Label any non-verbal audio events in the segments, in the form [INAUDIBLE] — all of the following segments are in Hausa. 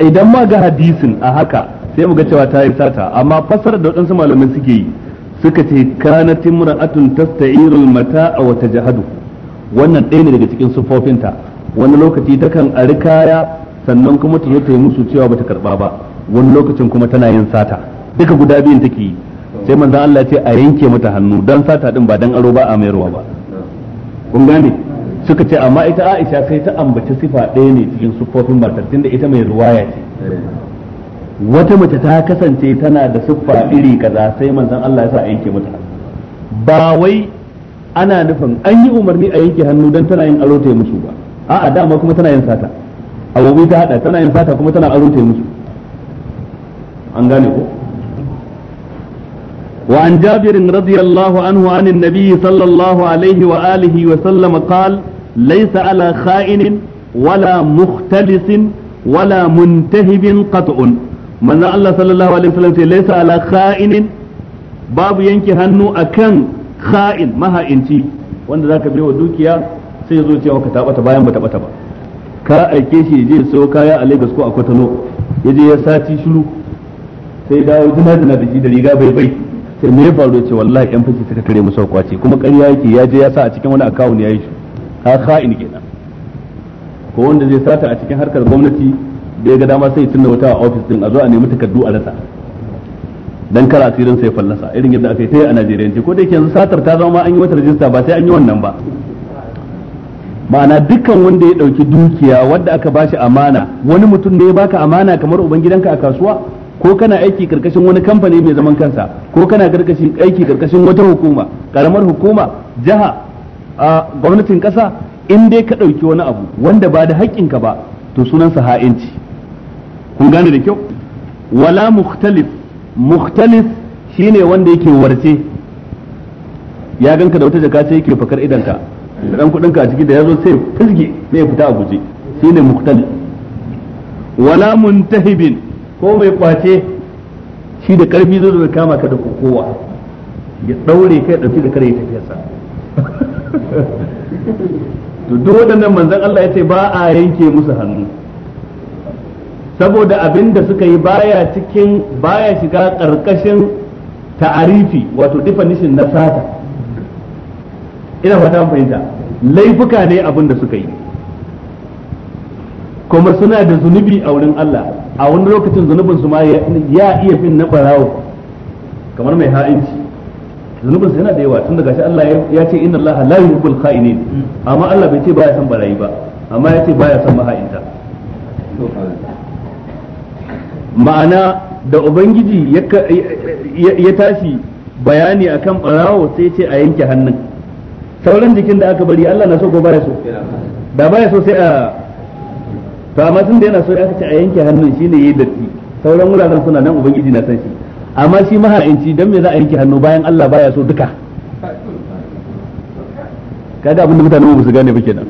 idan ma ga hadisin a haka sai mu ga cewa ta yi sata amma fasara da waɗansu malamai suke yi suka ce kana timra'atun mata mata'a wa tajahadu wannan ɗaya ne daga cikin sufofinta wani lokaci takan ari kaya sannan kuma ta ta yi musu cewa bata karɓa ba wani lokacin kuma tana yin sata duka guda biyun take yi sai manzon Allah ya ce a yanke mata hannu dan sata din ba dan aro ba a mayarwa ba kun gane suka ce amma ita Aisha sai ta ambaci sifa ɗaya ne cikin sufofin matar da ita mai ruwaya ce wata mace ta kasance tana da siffa iri kaza sai manzon Allah ya sa yanke mata ba wai ana nufin an yi umarni a yanke hannu dan tana yin aro ta yi musu ba a'a dama kuma tana yin sata abubu ta hada tana yin sata kuma tana aro ta yi musu an gane ko وعن جابر رضي الله عنه عن النبي صلى الله عليه وآله وسلم قال laisa ala kha'inin wala muktalisin wala muntahibin katun manzon Allah sallallahu alaihi wasallam sai laysa ala kha'inin babu yanke hannu akan kain maha'inci wanda zaka biyo dukiya sai zo cewa ka tabata bayan ba tabata ba a aike shi je so kaya a Lagos ko a Kwatano je ya saci shiru sai dawo jina jina da shi da riga bai bai sai me ya faru ce wallahi yan fashi suka tare mu sau kuma ƙarya yaki ya je ya sa a cikin wani akawun ya yi shi ta kha'in kenan ko wanda zai sata a cikin harkar gwamnati da ya ga dama sai tunna wata a ofis din a zo a nemi takardu a rasa dan kar asirin sai fallasa irin yadda aka yi ta a Najeriya ko da yake yanzu satar ta zama an yi mata rajista ba sai an yi wannan ba ma'ana dukkan wanda ya dauki dukiya wanda aka bashi amana wani mutum da ya baka amana kamar ubangidanka a kasuwa ko kana aiki karkashin wani kamfani mai zaman kansa ko kana karkashin aiki karkashin wata hukuma karamar hukuma jiha a gwamnatin kasa in dai ka ɗauki wani abu wanda ba da haƙƙinka ba to sunansa ha'inci kun gane da kyau wala mukhtalif mukhtalif shine wanda yake warce ya ganka da wata jaka sai yake fakar idanka da dan kudinka a ciki da yazo sai fisge sai ya fita a guje shine mukhtalif wala muntahibin ko mai kwace shi da karfi zo da kama ka da kowa ya daure kai dauki da kare tafiyarsa to duk waɗannan manzon Allah ya ce ba a yanke musu hannu saboda abin da suka yi baya cikin baya shiga ƙarƙashin ta'arifi wato definition na sata ina fata fahimta laifuka ne abin da suka yi kuma suna da zunubi a wurin Allah a wani lokacin zunubin su ma ya iya fin na barawo kamar mai ha'inci zunubin yana da yawa tun daga shi Allah ya ce inna Allah la yuhibbul kha'inin amma Allah bai ce baya san barayi ba amma ya ce baya san maha'inta ma'ana da ubangiji ya tashi bayani akan barawo sai ce a yanke hannun sauran jikin da aka bari Allah na so ko baya so da baya so sai a to amma tun da yana so ya ce a yanke hannun shine yayi datti sauran wuraren suna nan ubangiji na san shi amma shi maharanci don me za a yanke hannu bayan Allah baya so duka kaga abin mutane ba su gane ba kenan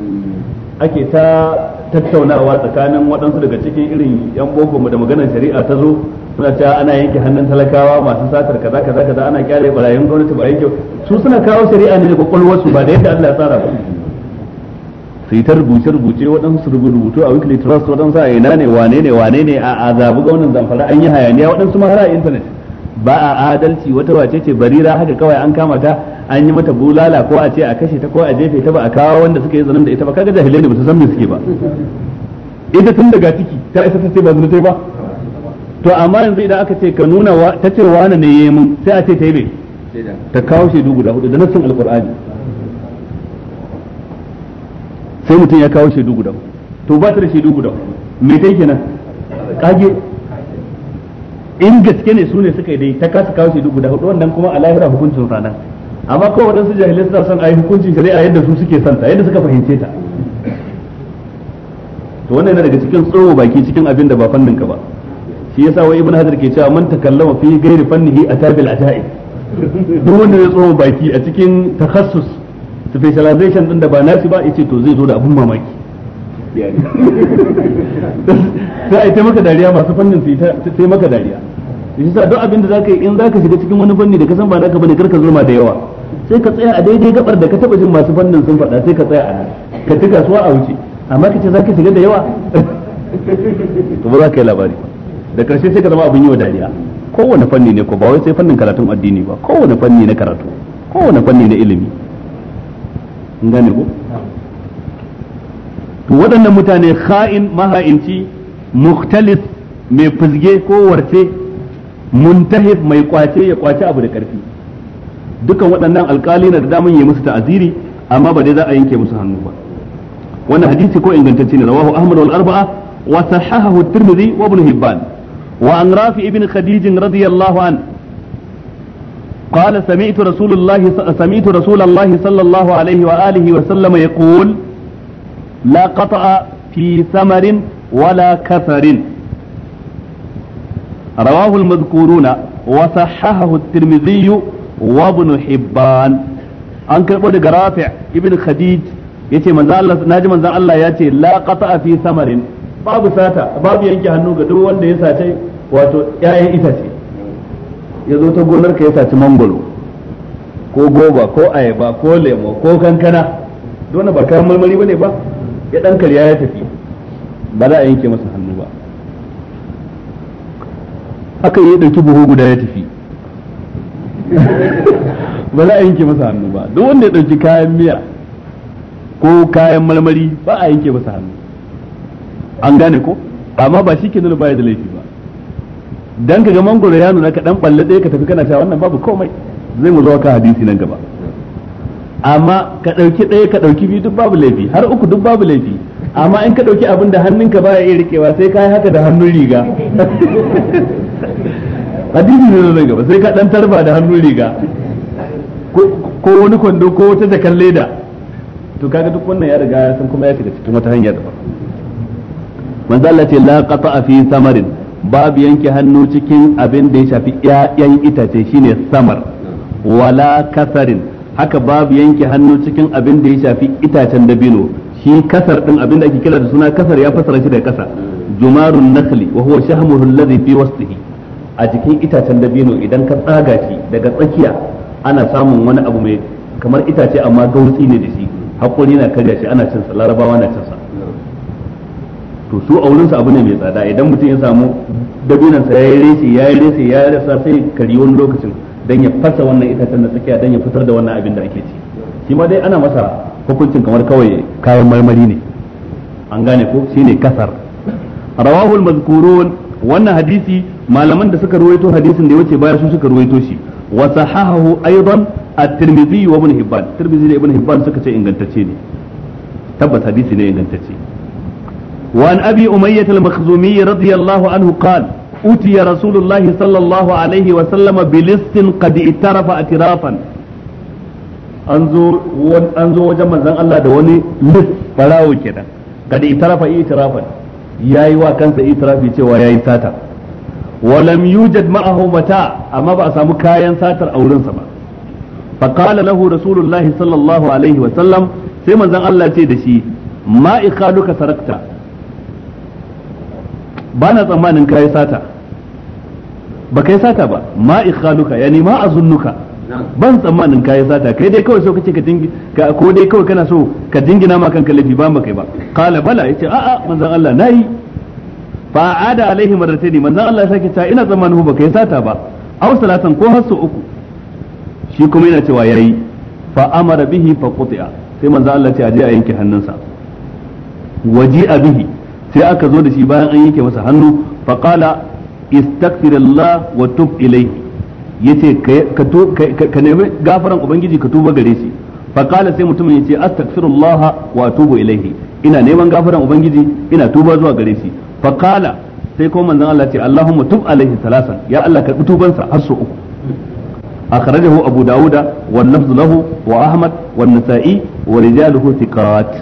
ake ta tattaunawa tsakanin waɗansu daga cikin irin yan boko mu da maganar shari'a ta zo suna cewa ana yanke hannun talakawa masu satar kaza kaza kaza ana kyale barayin gwamnati ba yanke su suna kawo shari'a ne da kwakwalwarsu ba da yadda Allah ya tsara ba sai ta rubuce rubuce waɗansu rubutu a weekly trust waɗansu a ina ne wane ne wane ne a zabi gwamnan zamfara an yi hayaniya waɗansu mahara a intanet ba a adalci wata wace ce barira haka kawai an kama ta an yi mata bulala ko a ce a kashe ta ko a jefe ta ba a kawo wanda suka yi zanen da ita ba kaga jahilai ne ba su san me suke ba ita tun daga ciki ta isa ta ce ba zunta ba to amma yanzu idan aka ce ka nuna wa ta ce wani ne yi mun sai a ce ta yi mai ta kawo shaidu guda hudu da nassin alkur'ani sai mutum ya kawo shaidu guda to ba ta da shaidu guda me kai kenan kage in gaske ne su ne suka yi ta kasa kawo shaidu guda hudu wannan kuma a lahira hukuncin ranar amma kawai waɗansu jahilai suna son a yi hukuncin shari'a yadda su suke santa yadda suka fahimce ta to wannan yana daga cikin tsoro baki cikin abin da ba fannin ka ba shi yasa wai ibn hajar ke cewa man takallama fi ghairi fannihi atabil ajai duk wanda ya tsoro baki a cikin takhassus specialization din da ba nasi ba yace to zai zo da abun mamaki sai ai ta maka dariya masu fannin su sai maka dariya shi sa duk abin da zaka yi in zaka shiga cikin wani fanni da ka san ba naka bane karka zulma da yawa sai ka tsaya a daidai gabar da ka taba jin masu fannin sun faɗa sai ka tsaya a nan ka ci kasuwa a wuce amma ka ce zaka shiga da yawa to ba za ka yi labari da karshe sai ka zama abin yi wa dariya kowane fanni ne ko ba wai sai fannin karatun addini ba kowane fanni na karatu kowane fanni na ilimi in gane ko waɗannan mutane kha'in maha'inci mukhtalis mai fizge ko warce muntahif mai kwace ya kwace abu da ƙarfi dukan waɗannan alƙali na da damun yi musu ta'aziri amma ba dai za a yanke musu hannu ba wannan hadisi ko ingantacce ne rawahu ahmad wal arba'a wa sahahahu tirmidhi wa ibn hibban wa an rafi ibn khadij radiyallahu an قال سمعت رسول الله سمعت رسول الله صلى الله عليه وآله وسلم la qata'a fi samarin wala kasarin rawahu al-madhkuruna wa sahahahu at-tirmidhi wa ibn hibban an karbo daga rafi' ibn khadij yace manzo Allah naji manzo Allah yace la qata'a fi samarin babu sata babu yanke hannu ga duk wanda ya sace wato ƴaƴan itace ya zo ta gonar ka ya saci mangoro ko goba ko ayaba ko lemo ko kankana dole ba kayan marmari bane ba ya dan kariya ya tafi ba za a yanke masa hannu ba haka ya dauki buhu guda ya tafi [LAUGHS] ba za a yanke masa hannu ba duk wanda ya dauki kayan miya ko kayan marmari ba a yanke masa hannu an gane ko amma ba shi ke nuna baya da laifi ba dan kaga mangoro ya nuna ka dan balle ɗaya ka tafi kana cewa wannan babu komai zai mu zo ka hadisi nan gaba amma ka ɗauki ɗaya ka ɗauki biyu duk babu laifi har uku duk babu laifi amma in ka ɗauki abin da hannunka baya iya riƙewa sai ka yi haka da hannun riga [LAUGHS] hadisi ne zai gaba sai ka ɗan tarba da hannun riga ko wani kwando ko wata jakan leda to kaga duk wannan ya riga ya san kuma ya shiga cikin wata hanya da manzo Allah ce la qata fi samarin babu yanke hannu cikin abin da ya shafi ƴaƴan itace shine samar wala kasarin haka babu yanke hannu cikin abin da ya shafi itacen dabino shi kasar din abin da ake kira da suna kasar ya fasara shi da kasa jumarun nakhli wa huwa shahmuhu alladhi fi wasthihi a cikin itacen dabino idan ka tsaga shi daga tsakiya ana samun wani abu mai kamar itace amma gautsi ne da shi hakuri yana karya shi ana cin sa larabawa na cin sa to su a su abu ne mai tsada idan mutum ya samu dabinan ya yayi resi ya yi ya rasa sai kari wani lokacin dan ya fasa wannan itacen na tsakiya dan ya fitar da wannan abin da ake ci shi ma dai ana masa hukuncin kamar kawai kayan marmari ne an gane ko shine kasar rawahul mazkurun wannan hadisi malaman da suka ruwaito hadisin da ya wuce baya su suka ruwaito shi wa sahahu aidan at-tirmidhi wa ibn hibban tirmidhi da ibn hibban suka ce ingantacce ne tabbas hadisi ne ingantacce وعن أبي أمية المخزومي رضي الله عنه قال أتي رسول الله صلى الله عليه وسلم بلست قد اعترف اعترافا an zo wajen manzan Allah da wani list farawo kenan kada itarafa itirafan yayi wa kansa itirafi cewa yayi sata walam yujad ma'ahu mata amma ba a samu kayan satar a wurinsa ba fa nahu lahu sallallahu alaihi wa sallam sai manzon Allah ce da shi ma sarakta bana tsammanin kayi sata ba kai sata ba ma ikhaluka yani ma azunnuka ban tsammanin kai sata kai dai kawai so kace ka dingi ko dai kawai kana so ka dingina ma kanka laifi ba kai ba qala bala yace a'a manzon Allah nayi fa ada alaihi marrataini manzon Allah sake ta ina tsammanin ba kai sata ba aw salatan ko har so uku shi kuma yana cewa yayi fa amara bihi fa quti'a sai manzon Allah ce aje a yanke hannunsa waji bihi sai aka zo da shi bayan an yanke masa hannu fa qala istaghfir Allah wa tub yace ka nemi gafaran ubangiji ka tuba gare shi fa qala sai mutumin ce astaghfirullah wa atubu ilayhi ina neman gafaran ubangiji ina tuba zuwa gare shi fa qala sai ko manzon Allah ce Allahumma tub alaihi salasan ya Allah ka tubansa har so uku akhrajahu abu dauda wa lafzu lahu wa ahmad wa nasa'i wa rijaluhu thiqat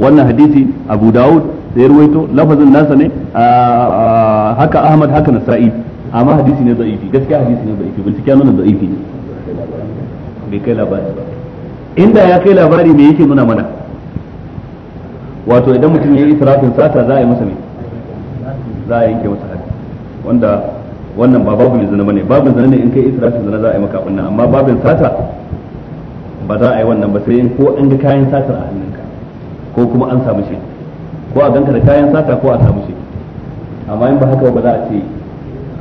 wannan hadisi abu daud da ya ruwaito lafazin nasa ne haka Ahmad haka nasra'i amma hadisi ne zaifi gaskiya hadisi ne zaifi bincike nuna zaifi ne bai kai labari ba inda ya kai labari me yake nuna mana wato idan mutum ya yi israfin sata za a yi masa ne za a yanke masa hadi wanda wannan ba babu zina bane babin zina ne in kai israfin zina za a yi maka abin amma babin sata ba za a yi wannan ba sai ko an ga kayan satar a hannunka ko kuma an samu shi ko a ganka da kayan sata ko a samu shi amma in ba haka ba za a ce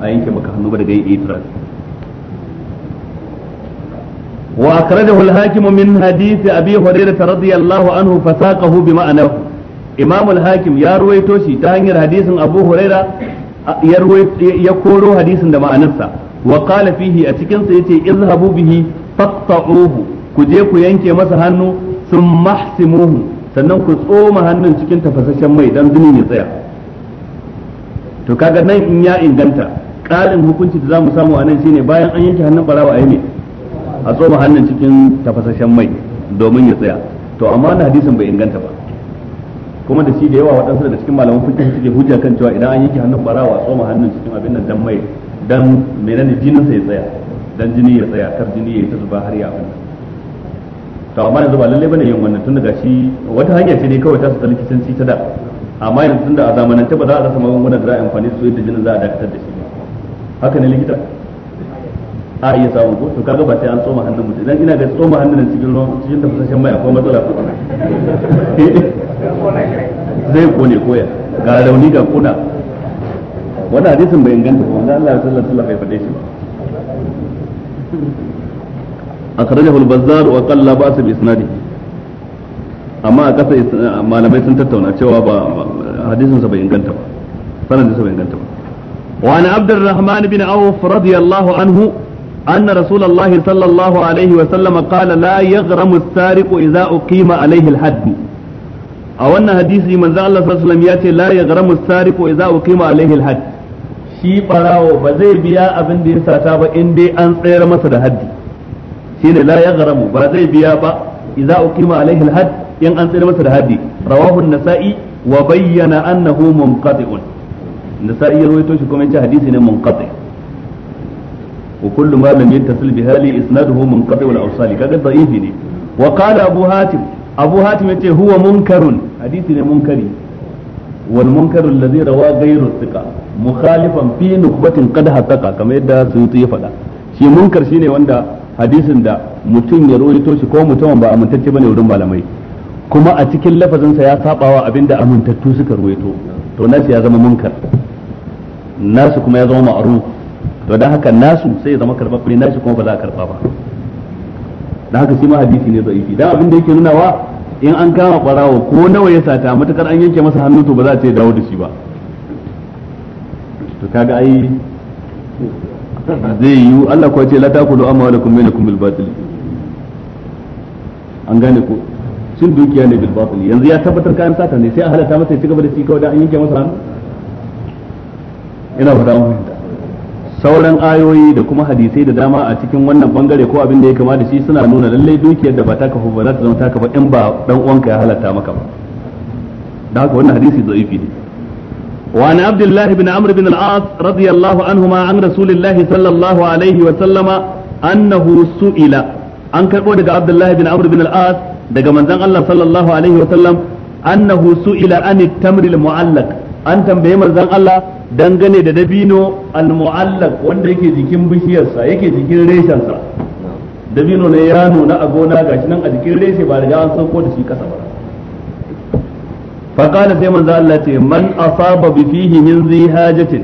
a yanke maka hannu ba daga yin itiraz wa akhrajahu al-hakim min hadith abi hurairah radiyallahu anhu fasaqahu bi ma'anahu imam al-hakim ya ruwaito shi ta hanyar hadisin abu hurairah ya koro hadisin da ma'anarsa wa qala fihi a cikin sa yace izhabu bihi faqta'uhu ku je ku yanke masa hannu sun mahsimuhu sannan ku tsoma hannun cikin tafasasshen mai dan jinin ya tsaya to kaga nan in ya inganta ƙarin hukunci da zamu samu a nan shine bayan an yanke hannun barawa ayi ne a tsoma hannun cikin tafasasshen mai domin ya tsaya to amma wannan hadisin bai inganta ba kuma da shi da yawa waɗansu daga cikin malaman fiqh suke hujja kan cewa idan an yanke hannun barawa a tsoma hannun cikin abin nan dan mai dan menene jinin sa ya tsaya dan jini ya tsaya kar jini ya ta zuba har ya abin to amma yanzu ba lalle bane yin wannan tun daga shi wata hanya ce ne kawai ta su ta likitanci ta da amma yanzu tun da a zamanance ba za a rasa magunguna da za a yi amfani da su yadda jinin za a dakatar da shi haka ne likita a iya samun ko to kaga ba sai an tsoma hannun mutum idan ina ga tsoma hannun cikin ruwan cikin tafasashen mai akwai matsala ko [LAUGHS] zai kone koya ga rauni ga kuna wannan hadisin bai inganta ba wanda Allah ya sallallahu alaihi wa sallam bai faɗe shi ba akhrajahu al-bazzar wa qalla ba'as bi amma a kasa malamai sun tattauna cewa ba bai inganta ba sanadin bai inganta ba wa an bin auf radiyallahu anhu أن رسول الله صلى الله عليه وسلم قال لا يغرم السارق إذا أقيم عليه الحد أو أن حديث من ذا الله صلى الله عليه وسلم يأتي لا يغرم shi barawo ba zai biya abin da ya sata ba in dai an tsayar masa da haddi shine la yaghramu ba zai biya ba idza uqima alaihi alhad in an tsira masa da haddi rawahu an-nasa'i wa bayyana annahu munqati'un nasa'i ya rawaito shi kuma yace hadisi ne munqati wa kullu ma lam yattasil bi hali isnaduhu munqati wal awsali kaga da'ifi ne wa qala abu hatim abu hatim yace huwa munkarun hadisi ne munkari wal munkaru alladhi rawa ghayru thiqa mukhalifan fi nukbatin qad hasaqa kamar yadda suyuti ya faɗa shi munkar shine wanda hadisin da mutum ya rawaito shi ko mutumin ba amintacce bane wurin malamai kuma a cikin lafazinsa ya sabawa abinda amintattu suka rawaito to nasu ya zama munkar nasu kuma ya zama ma'ruf to dan haka nasu sai ya zama karbabbe nasu kuma ba za a karba ba dan haka shi ma hadisi ne da'ifi dan abin da yake nunawa in an kama barawo ko nawa ya sata matukar an yanke masa hannu to ba za a ce dawo da shi ba to kaga ai zai yi Allah kuwa ce la takulu amwalakum bainakum bil batil an gane ko sun dukiya ne bil batil yanzu ya tabbatar kayan sata ne sai a halatta masa ya ci gaba da shi kawai da an yanke masa hannu ina fata mun sauran ayoyi da kuma hadisai da dama a cikin wannan bangare ko abin da ya kama da shi suna nuna lallai dukiyar da ba ta kafa ba za ta zama ta kafa in ba dan uwanka ya halatta maka ba da haka wannan hadisi da'ifi ne وعن عبد الله بن عمرو بن العاص رضي الله عنهما عن رسول الله صلى الله عليه وسلم أنه سئل an karɓo daga Abdullahi bin Amr bin al-As daga manzon Allah sallallahu alaihi wa sallam annahu su'ila an tamr al an tambaye manzon Allah dangane da dabino al wanda yake jikin bishiyarsa yake jikin reshensa dabino ne ya nuna a gona gashi a jikin reshe ba sauko da shi kasa ba faqala sai manzo ce man asaba bi fihi min zihajatin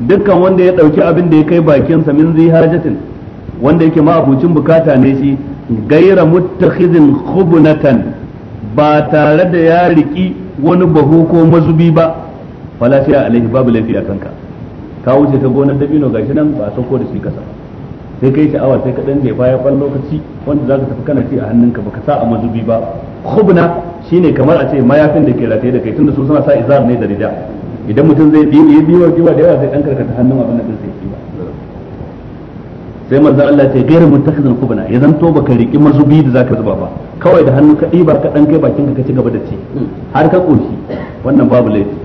dukkan wanda ya dauki abin da ya kai bakin sa min zihajatin wanda yake ma abucin bukata ne shi gaira muttakhidin khubnatan ba tare da ya riki wani bahu ko mazubi ba fala sai alaihi babu lafiya kanka ka wuce ta gonar dabino gashi nan ba sauko da shi kasa sai kai sha'awa sai ka dan ne baya kwan lokaci wanda za ka tafi kana ci a hannunka baka sa a mazubi ba khubna shine kamar a ce mayafin da ke rataye da kai tunda su suna sa izar ne da rida idan mutum zai bi yi biwa biwa da yawa zai dan karkata hannun abin da din sai ba. sai manzo Allah ce gairu mutakhizul khubna ya zanto baka riki mazubi da zaka zuba ba kawai da hannu ka ɗiba ka dan kai bakin ka ci gaba da ci har ka koshi wannan babu laifi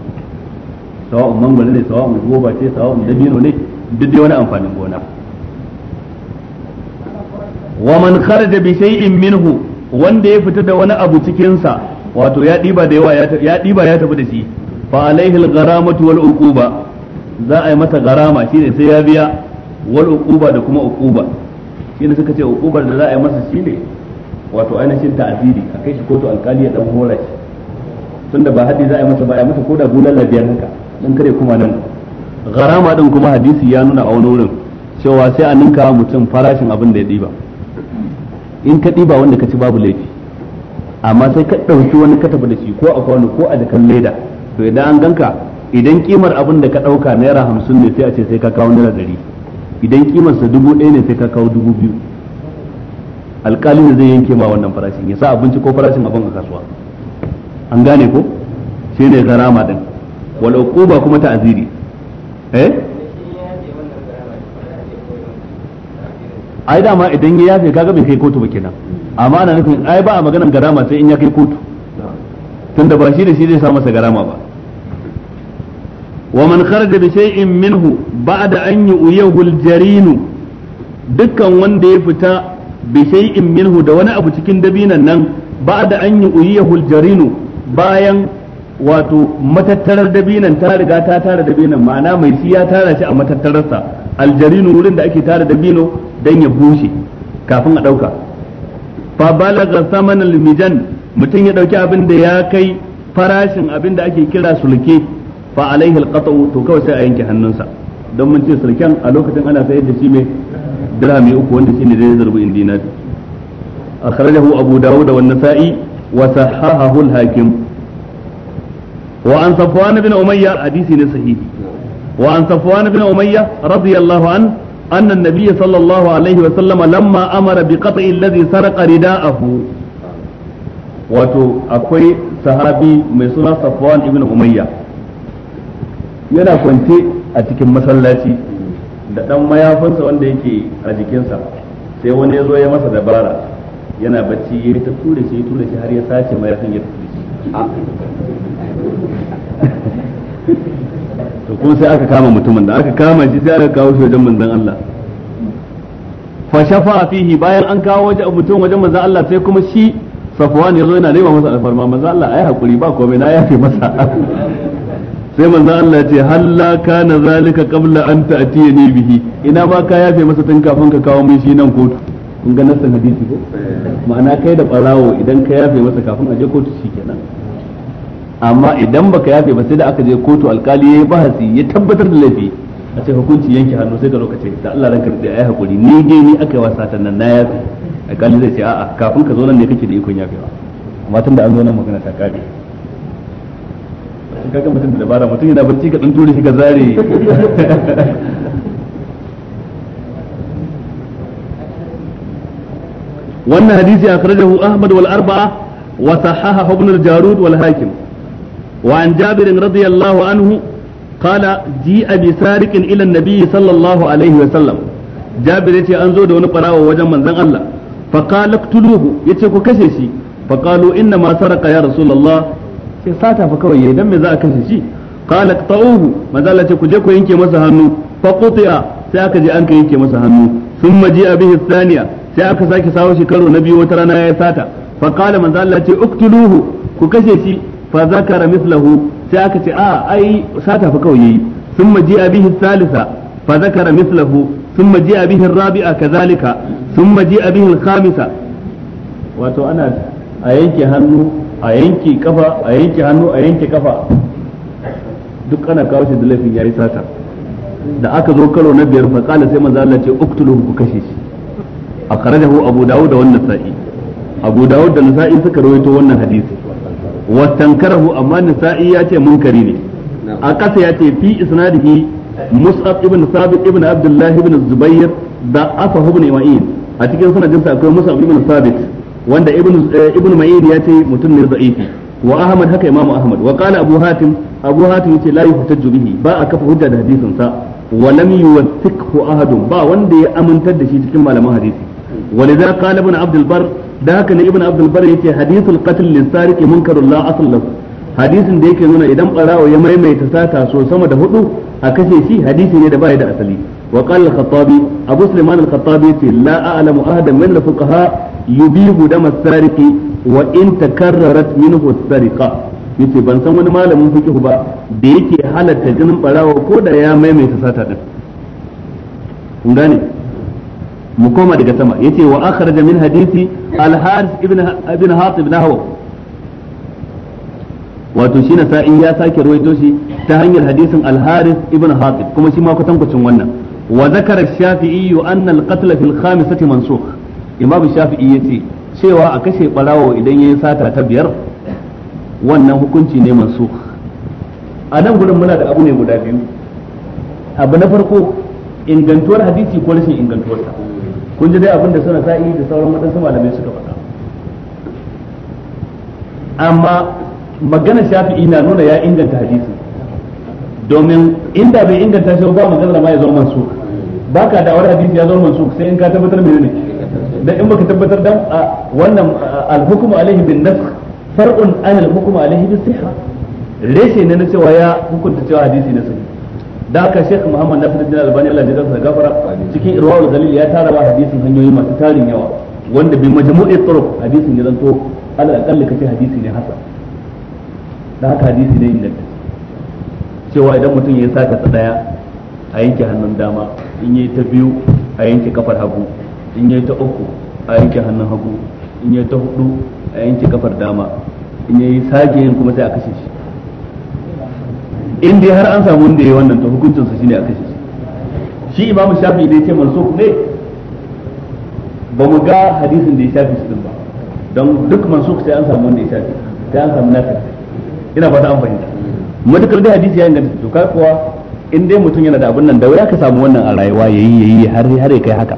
sawa'un mangwale ne sawa'un goba ce sawa'un dabino ne duk dai wani amfanin gona wa man kharaja bi shay'in minhu wanda ya fita da wani abu cikin sa wato ya diba da yawa ya diba ya tafi da shi fa alaihi al-gharamatu wal uquba za a yi masa garama shine sai ya biya wal uquba da kuma uquba shine suka ce uqubar da za a yi masa shine wato ainihin ta'aziri a kai shi kotu alkali ya dan hora shi tunda ba hadisi za a yi masa ba ya masa koda bulalla biyar haka dan kare kuma nan garama din kuma hadisi ya nuna a wani wurin cewa sai a ninka mutum farashin abin da ya diba in ka ɗiba wanda ka ci babu laifi amma sai ka ɗauki wani ka tafi da shi ko a kwano ko a jakan leda to idan an ganka idan kimar abin da ka ɗauka naira hamsin ne sai a ce sai ka kawo naira ɗari idan kimarsa dubu ɗaya ne sai ka kawo dubu biyu alƙalin da zai yanke ma wannan farashin ya sa abinci ko farashin abin a kasuwa an gane ko shi ne ɗin wala ko ba kuma aziri eh ai dama idan ya yafe kaga bai kai kotu ba kenan amma ana nufin ai ba a maganar garama sai in ya kai kotu tunda ba shi da shi zai sa masa garama ba wa man kharaja bi shay'in minhu ba'da an yu'yahu al dukkan wanda ya fita bi shay'in minhu da wani abu cikin dabinan nan ba'da an yu'yahu al bayan wato matattarar dabinan ta riga ta tara dabinan ma'ana mai shi ya tara shi a matattararsa aljarinu wurin da ake tara da bino dan ya bushe kafin a ɗauka fa balaga saman almijan mutum ya ɗauki abin da ya kai farashin abin da ake kira sulke fa alaihi alqata to kawai sai a yanke hannunsa don mun ce sulken a lokacin ana sayar da shi mai dirhami uku wanda shine da zarbu dinari akhrajahu abu dawud wa an-nasa'i wa sahahahu al-hakim wa an safwan ibn umayyah hadisi ne sahihi وعن صفوان بن أمية رضي الله عنه أن النبي صلى الله عليه وسلم لما أمر بقطع الذي سرق رداءه wato akwai sahabi mai suna Safwan ibn Umayya yana kwance a cikin masallaci da ɗan mayafinsa wanda yake a jikinsa sai wani ya zo ya masa dabara yana bacci ya ta tura shi tura shi har ya sace mayafin ya tura to kuma sai aka kama mutumin da aka kama shi sai aka kawo shi wajen manzon Allah fa shafa fihi bayan an kawo wajen mutum wajen manzon Allah sai kuma shi Safwan yazo yana neman masa alfarma manzon Allah ai hakuri ba komai na yafe masa [LAUGHS] sai manzon Allah ya ce halla kana zalika qabla an ta'tiyani bihi ina ba ka yafe masa tun kafin ka kawo mun shi nan kotu kun ga nasan hadisi ko ma'ana kai da barawo idan ka yafe masa kafin a je kotu shikenan amma idan baka yafe ba sai da aka je kotu alkali yi bahasi ya tabbatar da laifi a ce hukunci yanke hannu sai ka zo ce da Allah ranka da ya yi hakuri ni dai ni aka yi wasa ta nan na yafe alkali zai ce a'a kafin ka zo nan ne kake da ikon yafewa amma tun da an zo nan magana ta kare kaga mutum da dabara mutum yana barci ka dan tura shi ka zare [LAUGHS] wannan hadisi akhrajahu ahmad wal arba'a wa sahahahu ibn al-jarud wal hakim وعن جابر رضي الله عنه قال جيء بسارق إلى النبي صلى الله عليه وسلم جابر يتي أنزو دون قراء وجم من ku الله فقال اقتلوه يتيكو كشيشي فقالوا إنما سرق يا رسول الله sai sata fa kawai idan me za a kashe shi qala qta'uhu manzala ce ku je ku yanke masa hannu fa quti'a sai aka je an ka yanke masa hannu thumma ji'a bihi thaniya sai aka sake sawo shi karo na biyu wata rana ya sata fa qala manzala ce uktuluhu ku kashe shi fa zakara mislahu sai aka ce a ah, ai sata fa kawai yayi thumma ji'a bihi thalitha fa zakara mislahu thumma ji'a bihi rabi'a kazalika thumma ji'a bihi khamisa wato ana a yanke hannu a yanke a yanke duk ana kawo shi da laifin yayi sata da aka zo karo na biyar fa kala sai manzo Allah ce uktuluhu ku kashe shi akhrajahu abu dawud da wannan sa'i abu dawud da nasa'i suka rawaito wannan hadisi wastankarahu amma nisa'i ya ce munkari ne a ƙasa ya ce fi isnadihi mus'ab ibn sabit ibn abdullah ibn zubair da afahu ibn ma'in a cikin sa akwai mus'ab ibn sabit wanda ibn eh, ibn ma'in ya ce mutum ne da'ifi wa ahmad haka imam ahmad wa qala abu hatim abu hatim yace la yuhtajju bihi ba a kafa hujja da hadisin sa wa lam yuwathiqhu ahadun ba wanda ya amintar da shi cikin malaman hadisi ولذا قال ابن عبد البر da haka ne ibn abdul bar yace hadithul qatl lil sariq munkarul la asl lahu hadisin da yake nuna idan barawo ya maimaita sata so sama da hudu a kashe shi hadisi ne da bai da asali wa qala al-khattabi abu sulaiman al-khattabi yace la a'lamu ahadan min al-fuqaha yubihu dam as-sariq wa in takarrarat minhu as-sariqa yace ban san wani malamin fiqh ba da yake halatta jinin barawo ko da ya maimaita sata din kun gane mu koma daga sama yace wa akhraja min hadisi al-haris ibn ibn hatib nahwa wato shi na sa'in ya sake ruwaito shi ta hanyar hadisin al-haris ibn hatib kuma shi ma kwatankwacin wannan wa zakara shafi'i anna al-qatl fil khamisati mansukh imam shafi'i yace cewa a kashe balawo idan yi sata ta biyar wannan hukunci ne mansukh a nan gurin muna da abu ne guda biyu abu na farko ingantuwar hadisi ko rashin ingantuwarsa kun ji dai abin da suna sa'i da sauran waɗansu malamai suka faɗa amma magana shafi'i na nuna ya inganta hadisi domin inda bai inganta shi ba maganar ma ya man mansu ba ka da wani hadisi ya man mansu sai in ka tabbatar ne da in baka tabbatar dan wannan al-hukmu alaihi bin nasakh far'un an al-hukmu alaihi bis sihha reshe ne na cewa ya hukunta cewa hadisi na sahih da aka Sheikh Muhammad Nasiruddin Albani Allah ya jaza gafara cikin Irwaul Galil ya tara wa hadisin hanyoyi masu tarin yawa wanda bi majmu'i turuq hadisin ya zanto ala aqalli kace hadisi ne hasan da haka hadisi ne inganta cewa idan mutum ya saka ta daya a yanke hannun dama in yi ta biyu a yanke kafar hagu in yi ta uku a yanke hannun hagu in yi ta hudu a yanke kafar dama in yi sake yin kuma sai a kashe shi in dai har an samu wanda ya wannan ta hukuncin sa shine aka shi shi imamu shafi dai ce mansuk ne ba mu ga hadisin da ya shafi shi ba don duk mansuk sai an samu wanda ya shafi sai an samu nasa ina fata an fahimta matukar dai hadisi ya inganta to ka kuwa in dai mutum yana da abin nan da wuya ka samu wannan a rayuwa yayi yayi har har ya kai haka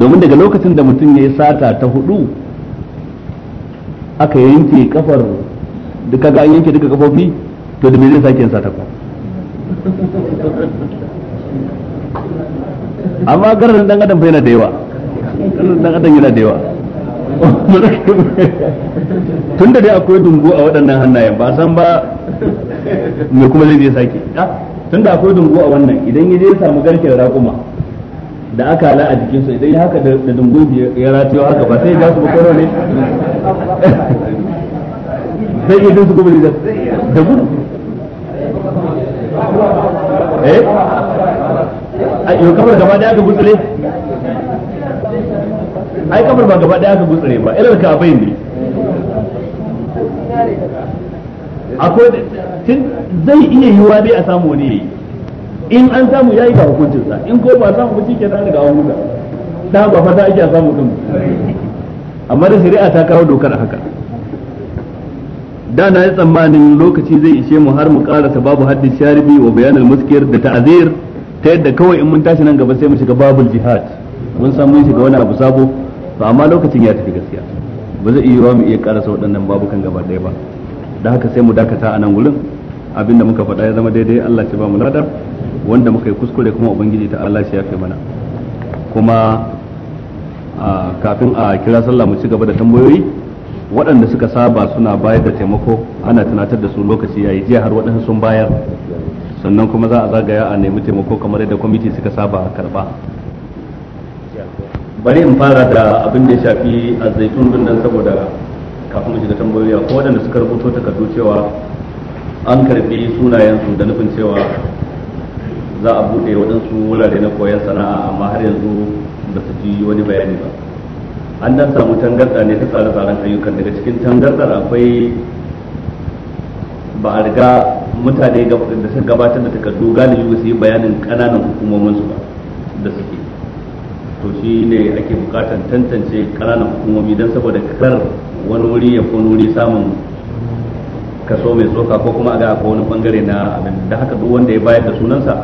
domin daga lokacin da mutum ya yi sata ta hudu aka yanke kafar duk ga an yanke duka kafofi to da me zai sake ta ko amma garin dan adam fa yana da yawa garin dan adam yana da yawa tun da dai akwai dungu a waɗannan hannayen ba san ba me kuma zai sake ah, tun da akwai dungu a wannan idan ya je samu garken raƙuma da aka ala a jikinsu idan ya haka da dungu ya ratiyo haka ba sai ya ba su ba ne zai iya dinsu gobe da da gudu eh yau kamar gaba daya ka gutsure ai kamar ba gaba daya ka gutsure ba irin ka abai ne akwai zai iya yiwa dai a samu wani yayi in an samu yayi ga hukuncinsa in ko ba samu ba shike ta daga hukunta da ba fata ake a samu din amma da shari'a ta kawo dokar haka da na yi tsammanin lokaci zai ishe mu har mu karasa babu haddin sharibi wa bayanin muskiyar da ta'azir ta yadda kawai in mun tashi nan gaba sai mu shiga babul jihad mun san mun shiga wani abu sabo to amma lokacin ya tafi gaskiya ba zai iya mu iya karasa waɗannan babukan gaba ɗaya ba da haka sai mu dakata a nan gurin abinda muka faɗa ya zama daidai Allah shi ba mu ladar wanda muka yi kuskure kuma ubangiji ta Allah shi ya fi mana kuma kafin a kira sallah mu ci gaba da tambayoyi waɗanda suka saba suna bayar da taimako ana tunatar da su lokaci yayi jiya har waɗansu sun bayar sannan kuma za a zagaya a nemi taimako kamar yadda kwamiti suka saba a karba bari in fara da abin da ya shafi a zaitun din nan saboda kafin mu shiga tambayoyi ko waɗanda suka rubuto takardu cewa an karbi sunayensu da nufin cewa za a buɗe waɗansu wurare na koyon sana'a amma har yanzu ba su ji wani bayani ba an dan samu tangarda ne ta tsare-tsaren ayyukan daga cikin tangardar akwai ba a riga mutane da suka gabatar da takardu galibi ba su yi bayanin kananan su ba da suke to shi ne ake bukatar tantance kananan hukumomi don saboda kar wani wuri ya ko wuri samun kaso mai tsoka ko kuma a ga wani bangare na abin da haka duk wanda ya bayar da sunansa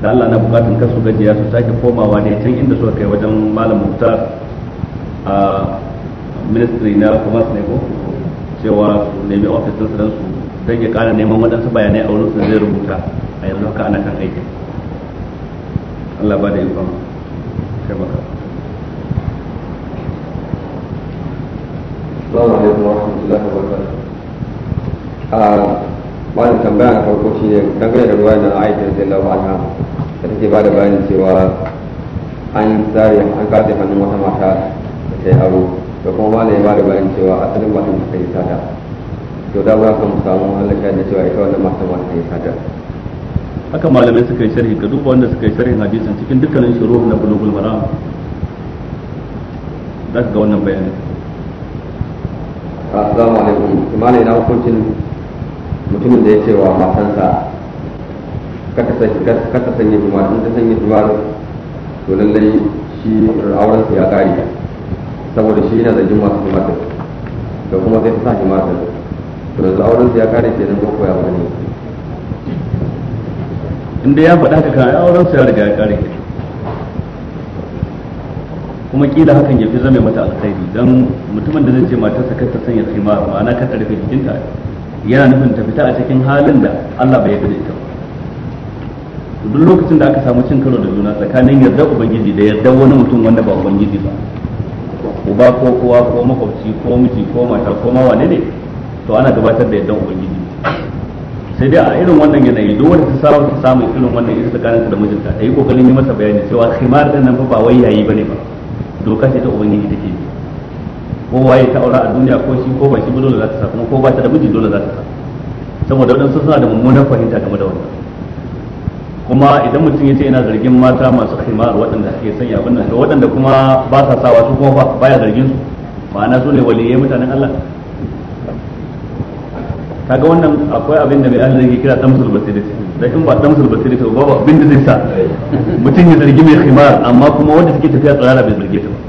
da Allah na bukatun kasu gajiya su sake komawa ne can inda suka kai wajen malam Muktar a ministry na commerce ne ko cewa su nemi office din su don ya kara neman waɗansu bayanai a wurin su zai rubuta a yanzu haka ana kan aiki Allah ba da yin fama taimaka Assalamu wa wa Wani tambaya na farko shi ne dangane da ruwa na Aisha da Lawa na da take ba da bayanin cewa an tsare an kasa hannun wata mata ta yi aro da kuma malai ba da bayan cewa asalin matan da ta yi sata to da za ka mu samu halaka da cewa ita wannan matan ba ta yi sata haka malamai suka yi sharhi ka duba wanda suka yi sharhin hadisin cikin dukkanin shiru na bulugul maram za ka ga wannan bayanin ah, assalamu alaikum imani na hukuncin mutumin da ya ce wa matansa kaka sanya jima'a in ta sanya jima'a to lallai shi su ya kare saboda shi yana zargin masu himatar da kuma zai sa sa himatar to yanzu auren ya kare kenan ko a wani inda ya faɗa ka kan auren ya riga ya kare ke kuma kila hakan ya fi zame mata alkhairi dan mutumin da zai ce matarsa kar ta sanya ma ma'ana kan ta jikin ta yana nufin ta fita a cikin halin da Allah bai yarda da ita duk lokacin da aka samu cin karo da juna tsakanin yarda ubangiji da yarda wani mutum wanda ba ubangiji ba uba ko uwa ko makwabci ko miji ko mata ko wane ne to ana gabatar da yadda ubangiji sai dai a irin wannan yanayi duk wanda ta samu ta samu irin wannan irin tsakanin da mijinta ta yi kokarin yi masa bayani cewa khimar din nan fa ba wai yayi bane ba doka ce ta ubangiji take ko waye ta aura a duniya ko shi ko ba shi dole za ta sa kuma ko ba ta da miji dole za ta sa saboda wadansu suna da mummunan fahimta game da wannan kuma idan mutum ya ce yana zargin mata masu khimar waɗanda suke sanya abin nan da waɗanda kuma ba sa sawa su kuma ba baya zargin su ma'ana su ne waliyai mutanen Allah kaga wannan akwai abin da mai an zargi kira tamsul basiri da in ba tamsul basiri to ba abin da zai sa mutum ya zargi mai khimar amma kuma wanda suke tafiya tsirara bai zarge ta ba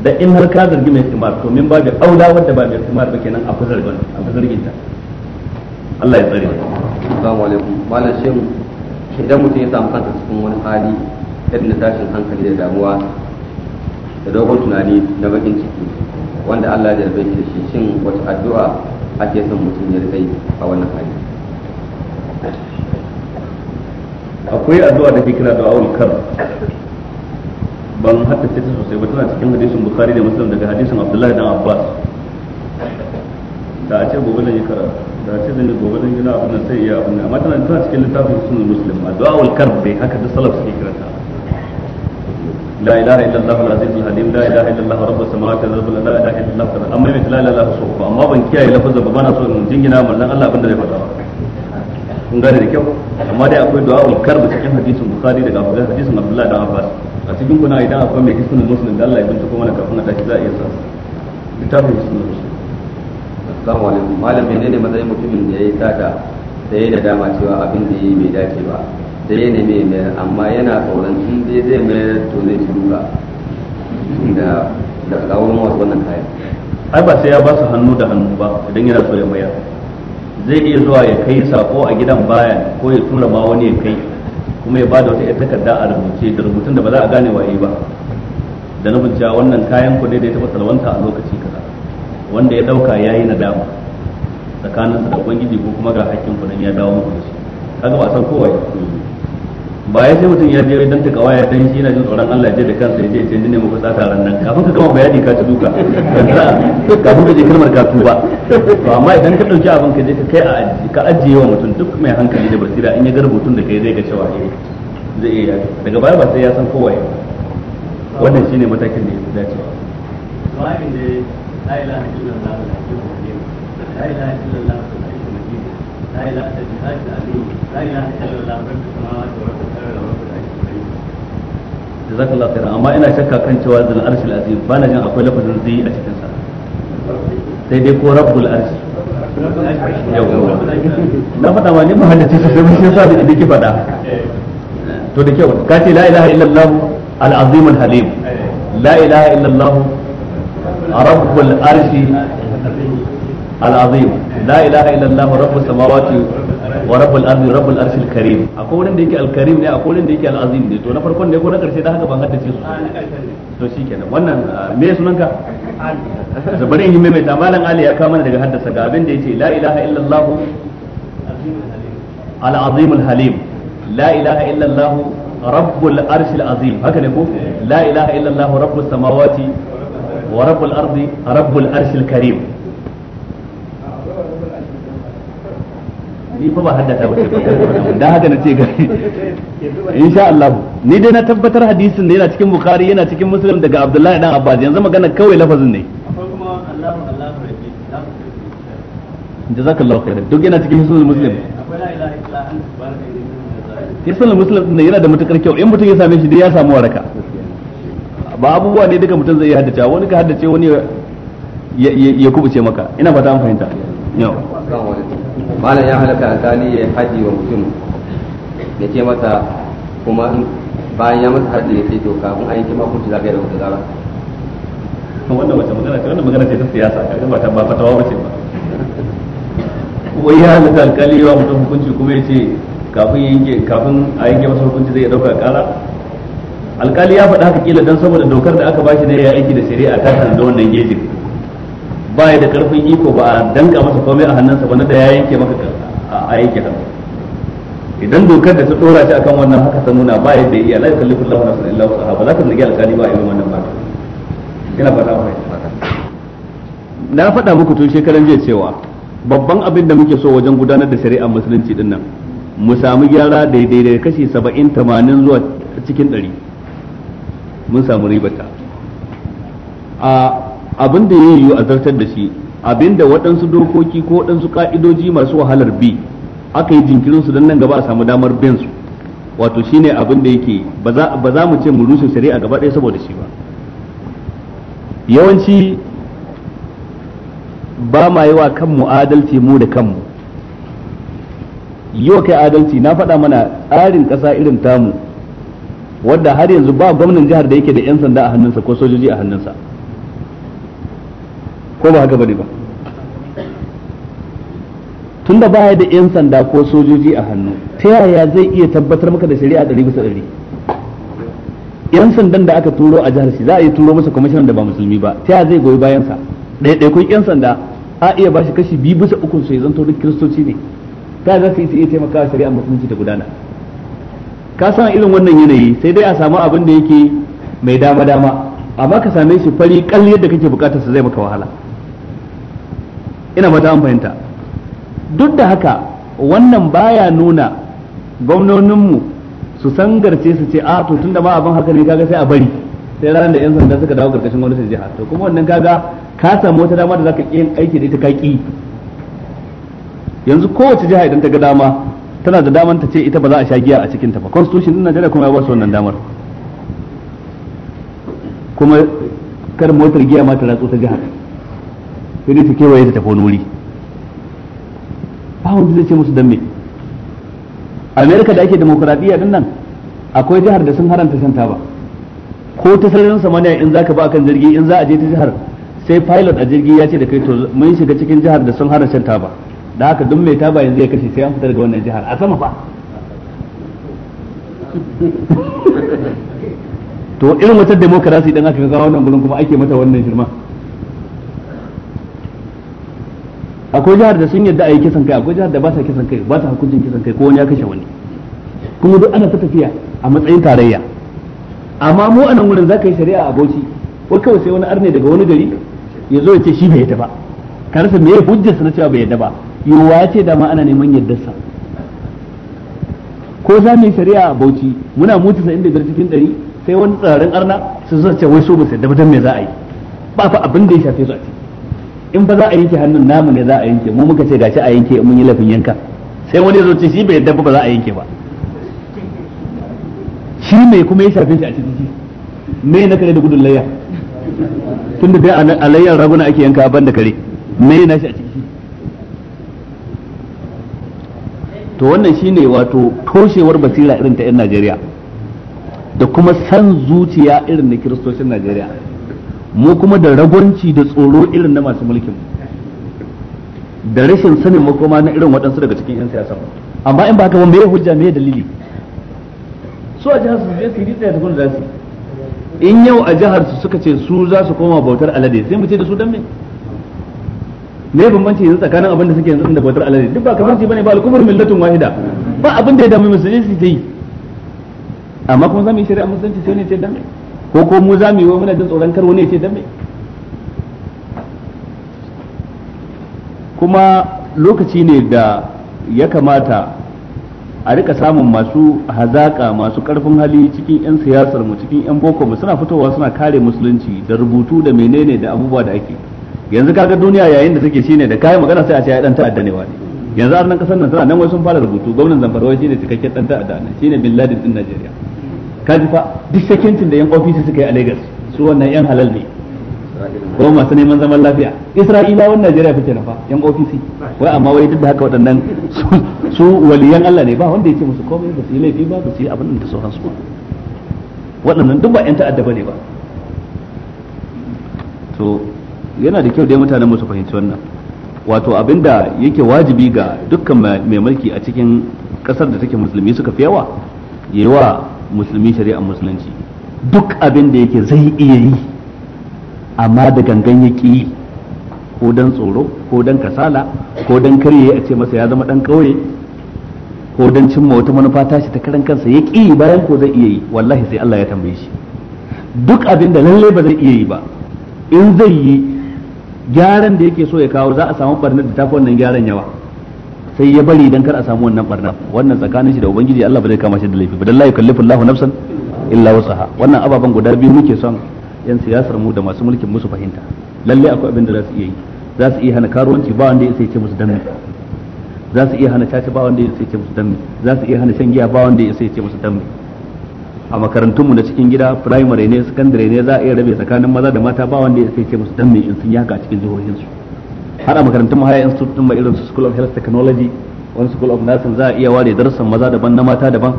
da in har ka zargi mai khimar to min babu aula wanda ba mai khimar ba kenan a fi zargin ta Allah ya tsare. Assalamu alaikum. Malam Shehu idan mutum ya samu kansa cikin wani hali irin da tashin hankali da damuwa da dogon tunani na bakin ciki wanda Allah ya bai shi shin wata addu'a ake son mutum ya rika a wannan hali akwai addu'a da ke kira da awul kar ban ce ta sosai ba tana cikin hadisin bukhari da muslim daga hadisin abdullahi dan abbas da a ce gobe zan yi karatu da ce zan gobe zan gina abin nan sai iya abin nan amma tana tana cikin littafin sunan muslim addu'a ul haka da salaf suke karanta la illallah al aziz al halim la ilaha illallah rabbus samawati wal amma mai la ilaha illallah so amma ban kiyaye lafazin ba bana so in jingina mallan Allah abin da zai faɗa da kyau amma dai daga a cikin kuna idan da Allah ya bincika a assalamu alaikum malam menene matsayin mutumin da ya yi sata sai da dama cewa abin da yi bai dace ba sai ya neme ne, amma yana tsoron sun zai zai mai to zai ci duka da da kawon wasu wannan kayan ai ba sai ya ba su hannu da hannu ba idan yana so ya mayar zai iya zuwa ya kai sako a gidan bayan ko ya tura ma wani ya kai kuma ya bada wata takarda a rubuce da rubutun da ba za a gane waye ba da na bincika wannan kayan ku ne da ya taɓa salwanta a lokaci ka wanda ya dauka ya yi nadama tsakaninsa da ubangiji ko kuma ga hakkin kudin ya dawo muku shi kaga ba san kowa ya ba ya sai mutum ya je dan ta kawaya dan shi yana jin tsoron Allah ya je da kansa ya je ce ne muku tsaka ran nan kafin ka gama bayani ka ci duka kafin ka je kalmar ka tuba to amma idan ka dauki abin ka je ka kai a aji ka ajiye wa mutum duk mai hankali da basira in ya ga rubutun da kai zai ga cewa eh, zai iya daga baya ba sai ya san kowa ba wannan shine matakin da ya dace ba لا إله إلا الله الحكيم لا إله إلا الله الحكيم لا إله إلا الله لا إله إلا الله رب السماوات ورب الأرض ورب amma ina shakka kan cewa zan arshi ba na jin akwai lafazin zai a cikin sa sai dai ko rabbul arshi na faɗa ma ni sai mun sa da ki faɗa to da kyau ka ce la ilaha illallah al-azim al-halim la ilaha illallah رب العرش العظيم لا اله الا الله رب السماوات ورب الارض رب العرش الكريم akwai wurin da yake alkarim ne akwai wurin da yake alazim ne to na farkon ne ko na karshe da haka ban haddace su to shikenan wannan me sunanka zabarin yi mai tamalan ali ya kama daga haddasa ga abin da yace la ilaha illa allah al-azim al-halim la ilaha illa allah rabbul arshil azim haka ne ko la ilaha illa allah rabbus samawati wa rabbul ardi rabbul arshil karim ni fa ba haddata ba dan haka na ce gari insha Allah ni dai na tabbatar hadisin da yana cikin bukhari yana cikin muslim daga abdullahi dan abbas yanzu magana kawai lafazin ne jazakallahu khairan duk yana cikin hisnul muslim hisnul muslim ne yana da matukar kyau in mutum ya same shi dai ya samu waraka ba abubuwa ne duka mutum zai iya haddace wani ka haddace wani ya kubuce maka ina fata an fahimta yau malam ya halaka alkali ya haji wa mutum ya ce mata kuma bayan ya masa haji ya ce to kafin an yanke makunci za ka yi da wata zara wannan wata magana ce wannan magana ce ta siyasa kaga ba ta ba fatawa wace ba wai ya halaka alkali ya mutum hukunci kuma ya ce kafin yanke kafin a yanke masa hukunci zai dauka kara alkali ya faɗa haka kila don saboda dokar da aka ba shi ne ya aiki da shari'a ta da wannan gejin ba ya da karfin iko ba a danka masa komai a hannunsa ba na da ya yanke maka a aiki hannu idan dokar da ta dora shi akan wannan haka ta nuna ba yadda iya la yukallifu Allahu nafsan illa wus'aha ba za ka zargi alkali ba a irin wannan ba ina fata na faɗa muku tun shekaran jiya cewa babban abin da muke so wajen gudanar da shari'a musulunci din nan mu samu gyara daidai da kashi 70 80 zuwa cikin 100 mun samu ribata a abin da ya yiwu a zartar da shi abinda waɗansu dokoki ko waɗansu ka'idoji masu wahalar bi aka yi jinkirinsu don nan gaba a samu damar bin su wato shine abin da yake ba za mu ce mu rushe shari'a gaba ɗaya saboda shi ba yawanci ba ma yi wa kanmu adalci mu da kanmu yi wa kai adalci na faɗa mana tsarin ƙasa irin tamu wadda har yanzu ba gwamnan jihar da yake da yan sanda a hannunsa ko sojoji a hannunsa ko ba haka bane ba tunda ya da yan sanda ko sojoji a hannu ta yaya zai iya tabbatar maka da shari'a ɗari bisa ɗari yan sandan da aka turo a jihar shi za a yi turo masa kwamishinan da ba musulmi ba ta yaya zai goyi bayansa ɗaiɗaikun yan sanda a iya ba shi kashi biyu bisa uku su zanto duk kiristoci ne ta yaya za su iya taimakawa shari'a musulunci ta gudana ka san irin wannan yanayi sai dai a samu abin da yake mai dama dama amma ka same shi fari kal yadda kake bukatar sa zai maka wahala ina bata an fahimta duk da haka wannan baya nuna gwamnoninmu su garce su ce a ah, to tunda ma abin haka ne kaga sai a bari sai ranar da yan sanda suka dawo karkashin gwamnatin jiha to kuma wannan kaga ka samu wata dama da zaka yin aiki da ita kaki yanzu kowace jiha idan ta ga dama tana da daman ta ce ita ba za a sha giya a cikin ta ba constitution din Najeriya kuma ya ba su wannan damar kuma kar motar giya ma ta ratso ta jihar sai dai ta kewaye ta tafi wani wuri ba wanda zai ce musu dambe amerika da ake demokuraɗiyya din nan akwai jihar da sun haranta shan taba ko ta sararin samaniya in zaka ba kan jirgi in za a je ta jihar sai pilot a jirgi ya ce da kai to mun shiga cikin jihar da sun haranta shan taba da haka duk mai taba yanzu ya kashe sai an fita daga wannan jihar a sama fa to irin wata demokarasi idan aka kawo wannan gurin kuma ake mata wannan shirma akwai jihar da sun yadda a yi kisan kai akwai jihar da ba sa kisan kai ba sa hukuncin kisan kai ko wani ya kashe wani kuma duk ana ta tafiya a matsayin tarayya amma mu a nan wurin za ka yi shari'a a bauchi ko kawai sai wani arne daga wani gari ya zo ya ce shi bai yadda ba ka rasa me hujjarsa na cewa bai yadda ba yiwuwa ya ce dama ana neman yardarsa ko za mu yi shari'a a bauchi muna mutu sa inda biyar cikin ɗari sai wani tsarin arna su zuwa ce wai so ba sadda dan me za a yi ba fa abin da ya shafe su a ciki in ba za a yanke hannun namu ne za a yanke mu muka ce gashi a yanke mun yi lafin yanka sai wani ya zo ce shi bai yadda ba za a yanke ba shi me kuma ya shafe shi a ciki me na kare da gudun layya tunda dai a layyar raguna ake yanka ban da kare me na shi a ciki to wannan shine wato toshewar basira irin ta 'yan Najeriya da kuma san zuciya irin na kiristocin Najeriya mu kuma da ragwanci da tsoro irin na masu mulkin da rashin sanin makoma na irin waɗansu daga cikin 'yan siyasa amma in ba haka ba me hujja mai dalili su a jihar su je su yi tsaya tukun da su in yau a jihar su suka ce su za su koma bautar alade sai mu ce da su dan me me bambanci yanzu tsakanin abin da suke yanzu da bautar alade duk ba kafirci bane ba al-kufru millatun wahida ba abin da ya dami musulmi su yi amma kuma zamu yi shari'a musulunci sai ne ce dan ko ko mu zamu yi wa muna jin tsoron kar wani ya ce dan kuma lokaci ne da ya kamata a rika samun masu hazaka masu karfin hali cikin 'yan siyasar mu cikin 'yan boko mu suna fitowa suna kare musulunci da rubutu da menene da abubuwa da ake yanzu kaga duniya yayin da take shine da kai magana sai a ce ya dan ta'adda ne wani yanzu nan kasar nan tana nan wai sun fara rubutu gwamnan zamfara wai shine cikakken dan ta'adda ne shine bin ladin din Najeriya kaji fa duk sakincin da yan ofisi suka yi a Lagos su wannan yan halal ne ko masu neman zaman lafiya wannan Najeriya fice na fa yan ofisi wai amma wai duk da haka waɗannan su waliyan Allah ne ba wanda ya ce musu komai ba su yi laifi ba ba su yi abin da su ba waɗannan duk ba yan ta'adda bane ba to yana da kyau dai mutanen mu su fahimci wannan wato abinda yake wajibi ga dukkan mai mulki a cikin kasar da take musulmi suka fi yawa yi wa musulmi shari'ar musulunci duk abin da yake zai iya yi amma da gangan ya yi ko dan tsoro ko dan kasala ko dan karye a ce masa ya zama dan kauye ko dan cimma wata manufa ta shi ta karan kansa ya ƙi bayan ko zai iya yi wallahi sai Allah ya tambaye shi duk abin da lalle ba zai iya yi ba in zai yi gyaran da yake so ya kawo za a samu barnar da tafi wannan gyaran yawa sai ya bari idan kar a samu wannan barnar wannan tsakanin shi da ubangiji Allah ba zai kama shi da laifi ba dan la yukallifu Allahu nafsan illa wusaha wannan ababen guda biyu muke son yan siyasar mu da masu mulkin musu fahimta lalle akwai abin da za su iya yi za su iya hana karuwanci ba wanda ya sai ce musu danne za su iya hana caci ba wanda ya sai ce musu danne za su iya hana shan giya ba wanda ya sai ce musu danne a makarantunmu na cikin gida primary ne secondary ne za a iya rabe tsakanin maza da mata ba wanda ya sai ce musu dan me in sun yi a cikin jihohin su har a makarantun mu har institute din ma irin su school of health technology wani school of nursing za a iya ware darussan maza daban na mata daban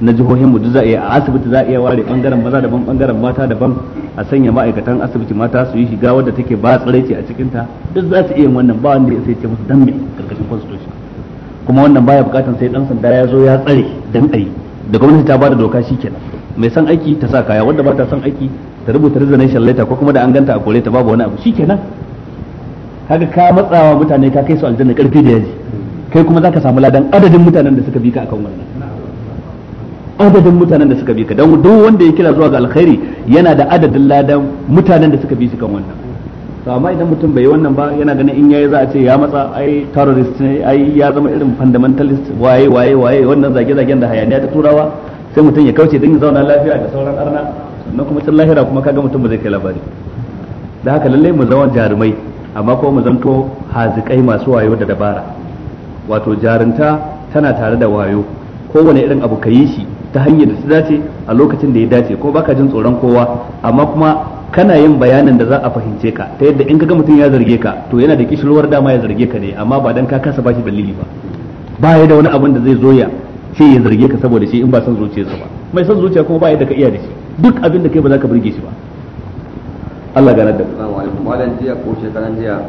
na jihohin mu za a iya a asibiti za a iya ware bangaren maza daban bangaren mata daban a sanya ma'aikatan asibiti mata su yi shiga wadda take ba tsareci a cikin ta duk za su iya wannan ba wanda ya sai ce musu dan me karkashin constitution kuma wannan baya bukatan sai dan sanda ya zo ya tsare dan ayi da gwamnati ta bada doka shikenan mai san aiki ta sa kaya wanda ba ta san aiki ta rubuta resignation letter ko kuma da an ganta a kore ta babu wani abu shikenan kaga ka matsawa mutane ka kai su aljanna karfi da yaji kai kuma zaka samu ladan adadin mutanen da suka bi ka akan wannan adadin mutanen da suka bi ka don duk wanda ya kira zuwa ga alkhairi yana da adadin ladan mutanen da suka bi su kan wannan to amma idan mutum bai wannan ba yana ganin in yayi za a ce ya matsa ai terrorist ne ai ya zama irin fundamentalist waye waye waye wannan zage zagen da hayaniya ta turawa sai mutum ya kauce don ya zauna lafiya da sauran arna sannan kuma can lahira kuma kaga mutum ba zai kai labari da haka lallai mu zama jarumai amma kuma mu zanto hazikai masu wayo da dabara wato jarunta tana tare da wayo kowane irin abu ka yi shi ta hanyar da ta dace a lokacin da ya dace ko baka jin tsoron kowa amma kuma kana yin bayanin da za a fahimce ka ta yadda in kaga mutum ya zarge ka to yana da kishirwar dama ya zarge ka ne amma ba dan ka kasa bashi dalili ba ba ya da wani abin da zai zo ya ce ya zarge ka saboda shi in ba san zuciyarsa ba mai san zuciya kuma ba ya da ka iya da shi duk abin da kai ba za ka burge shi ba Allah gane da assalamu alaikum malam jiya ko shekaran jiya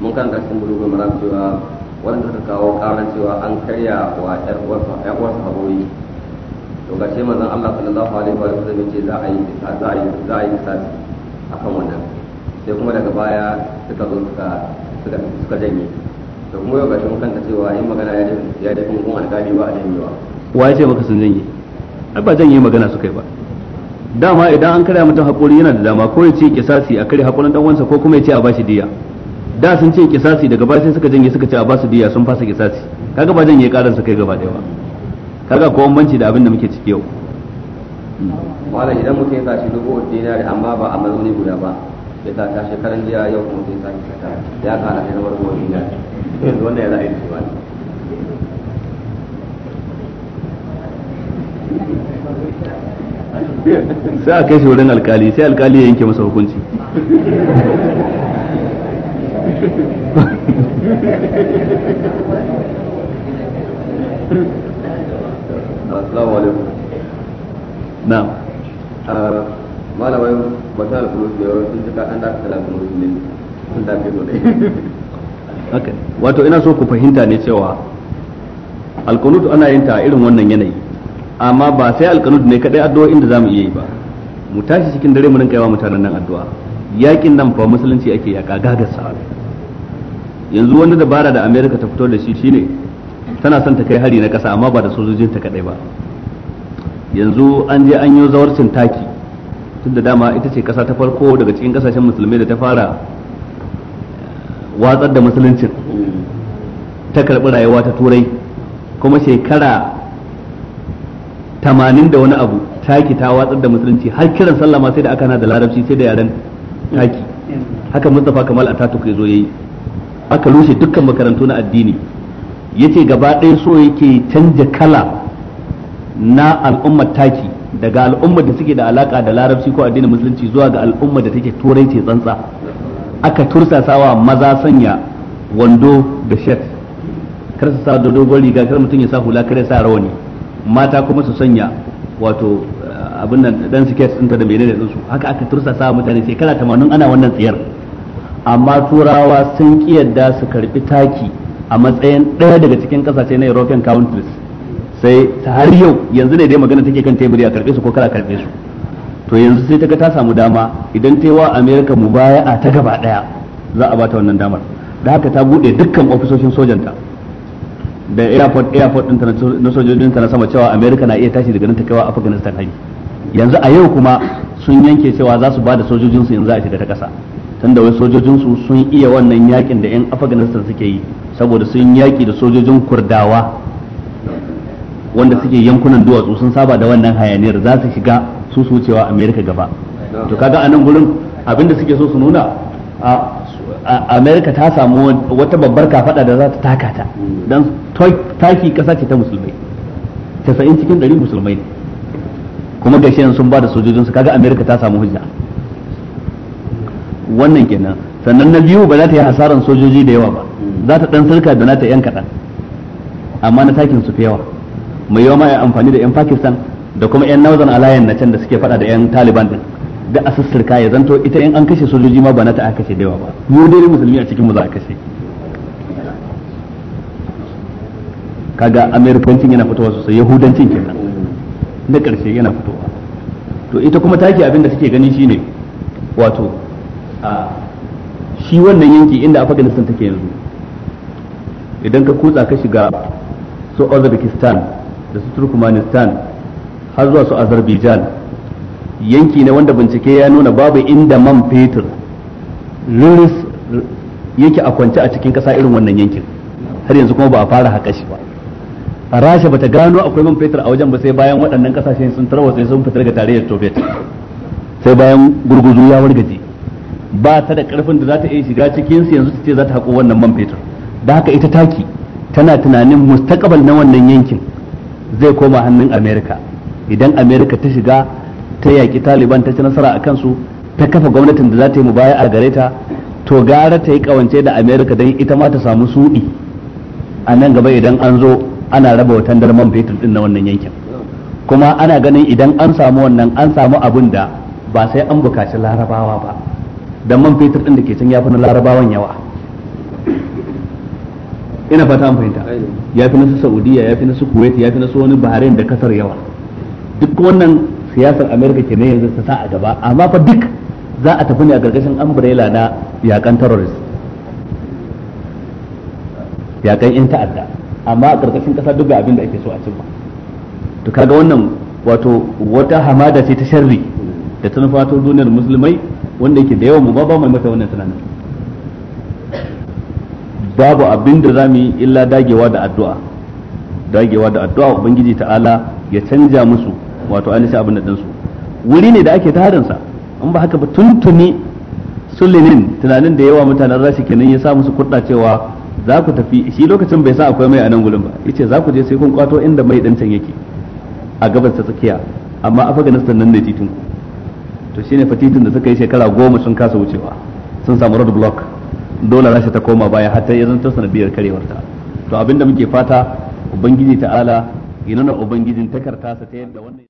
mun kan sun bulugun maram cewa wanda suka kawo karan cewa an karya wa ƴar uwarsa ƴar uwarsa haboyi to gashi manzon Allah sallallahu alaihi wa sallam ya ce za a yi za a yi za a yi akan wannan sai kuma daga baya suka zo suka suka janye to kuma yau gashi kanta cewa yin magana ya dafi ya da alƙali ba a janyewa wa ya ce maka sun janye ai ba janye magana suka yi ba dama idan an karya mutum haƙuri yana da dama ko ya ce kisasi a karya haƙurin ɗan wansa ko kuma ya ce a bashi diya da sun ce kisasi daga baya sai suka janye suka ce a basu diya sun fasa kisasi kaga ba janye karan suka yi gaba daya ba kaga ko banci da abin da muke ciki yau hmm. malam idan mutum ya sashi dubu dinari amma ba a mazauni guda ba ya ta shekaran jiya yau kuma zai sake sata ya kana da rawar dubu dinari yanzu wanda ya za'a yi su sai a kai shi wurin alkali sai alkali ya yanke masa hukunci assalamu wato ina so ku fahimta ne cewa alkanutu ana yin ta irin wannan yanayi amma ba sai alkanutu ne kadai addu'o'in da zamu iya yi ba mu tashi cikin dare mu rinka yawa mutanen nan addu'a yakin nan fa musulunci ake yaka gagar sa yanzu wanda dabara da America ta fito da shi shine tana son ta kai hari na kasa amma ba da sojojin ta kadai ba yanzu an je an yi zawarcin taki tunda dama ita ce kasa ta farko daga cikin kasashen musulmai da ta fara eh, watsar da musuluncin ta karɓi rayuwa ta turai kuma shekara tamanin da wani abu taki ta watsar da musulunci har kiran sallah ma sai da aka na da larabci sai da yaren taki haka mustafa kamal a ya zo yayi aka rushe dukkan makarantu na addini yace gaba ɗaya so yake canja kala na al'ummar taki daga al'ummar da suke da alaka da larabci ko addinin musulunci zuwa ga al'ummar da take turai ce tsantsa aka tursasawa maza sanya wando da shirt kar su sa dogon riga kar mutum ya sa hula kar ya sa rawani mata kuma su sanya wato eh, abin nan dan siket din ta da menene din su haka aka tursasawa mutane shekara 80 ana wannan tsiyar amma turawa sun kiyarda su karbi taki a matsayin ɗaya daga cikin ƙasashe na European countries sai har yau yanzu ne dai magana take kan teburi a karbe su ko kala karbe su to yanzu sai ta ga ta samu dama idan ta yi wa america a ta gaba daya za a bata wannan damar da haka ta bude dukkan ofisoshin sojanta da airport airport din na sojojin ta na sama cewa america na iya tashi daga nan ta kaiwa afghanistan hari yanzu a yau kuma sun yanke cewa za su ba sojojin sojojinsu yanzu a shiga ta kasa tunda wai sojojinsu sun iya wannan yakin da yan afghanistan suke yi saboda sun yaki da sojojin kurdawa wanda suke yankunan duwatsu sun saba da wannan hayaniyar za su shiga su su wucewa america gaba to kaga a nan gurin abinda suke so su nuna a america ta samu wata babbar kafada da za ta taka ta don taki kasa ce ta musulmai casa'in cikin ɗari musulmai ne kuma gashi yanzu sun ba da sojojinsu kaga america ta samu hujja wannan kenan sannan na biyu ba za ta yi hasaran sojoji da yawa ba za ta dan sarka da ta yan kaɗan amma na takin su fi yawa mai yawa ma amfani da yan Pakistan da kuma yan Northern Alliance na can da suke fada da yan Taliban din da asussirka ya zanto ita in an kashe sojoji ma ba na ta aka kashe da yawa ba mu dai musulmi a cikin mu za a kashe kaga amerikancin yana fitowa sosai yahudancin kenan na karshe yana fitowa to ita kuma take abin da suke gani shine wato a shi wannan yanki inda afghanistan take yanzu idan ka kutsa ka shiga su uzbekistan da su turkmanistan har zuwa su azerbaijan yanki ne wanda bincike ya nuna babu inda man fetur riris yake a kwance a cikin ƙasa irin wannan yankin har yanzu kuma ba a fara haƙa shi ba A rasha ba ta gano akwai man fetur a wajen ba sai bayan waɗannan kasashen sun tarwatsa sun fitar ga tarayyar soviet sai bayan gurguzu ya wargaje ba ta da karfin da za ta iya shiga cikin su yanzu ta ce za ta haƙo wannan man fetur da haka ita taki tana tunanin mustakabal na wannan yankin zai koma hannun america idan america ta shiga ta yaki taliban ta ci nasara a kansu ta kafa gwamnatin da za ta yi mubaya a gare ta to gara ta yi kawance da america don ita ma ta samu suɗi a nan gaba idan an zo ana raba watan man fetur din na wannan yankin kuma ana ganin idan an samu wannan an samu abin da ba sai an bukaci larabawa ba don man fetur din da ke can ya fi na larabawan yawa ina fata an fahimta ya fi nasu saudiya ya fi nasu kuwait ya fi nasu wani bahrain da kasar yawa duk wannan siyasar america ke ne yanzu ta sa a gaba amma fa duk za a tafi ne a gargashin umbrella na yakan terrorist yakan yan ta'adda amma a gargashin kasa duk ga abin da ake so a cimma to kaga wannan wato wata hamada ce ta sharri da ta nufato duniyar musulmai wanda yake da yawan mu ba ba mai mata wannan tunanin babu abin da zamu yi illa dagewa da addu'a dagewa da addu'a ubangiji ta'ala ya canja musu wato ainihin abin da dinsu wuri ne da ake sa an ba haka ba tuntuni sulinin tunanin da yawa mutanen rashi kenan ya sa musu kurɗa cewa za ku tafi shi lokacin bai sa akwai mai a nan gurin ba yace za ku je sai kun kwato inda mai dan can yake a gaban ta tsakiya amma afganistan nan ne titin to shine fatitin da suka yi shekara goma sun kasa wucewa sun samu road block dole rasha ta koma baya har ta zanto karewar ta to abinda muke fata ubangiji ta'ala inana ubangijin takarta sa ta yadda wannan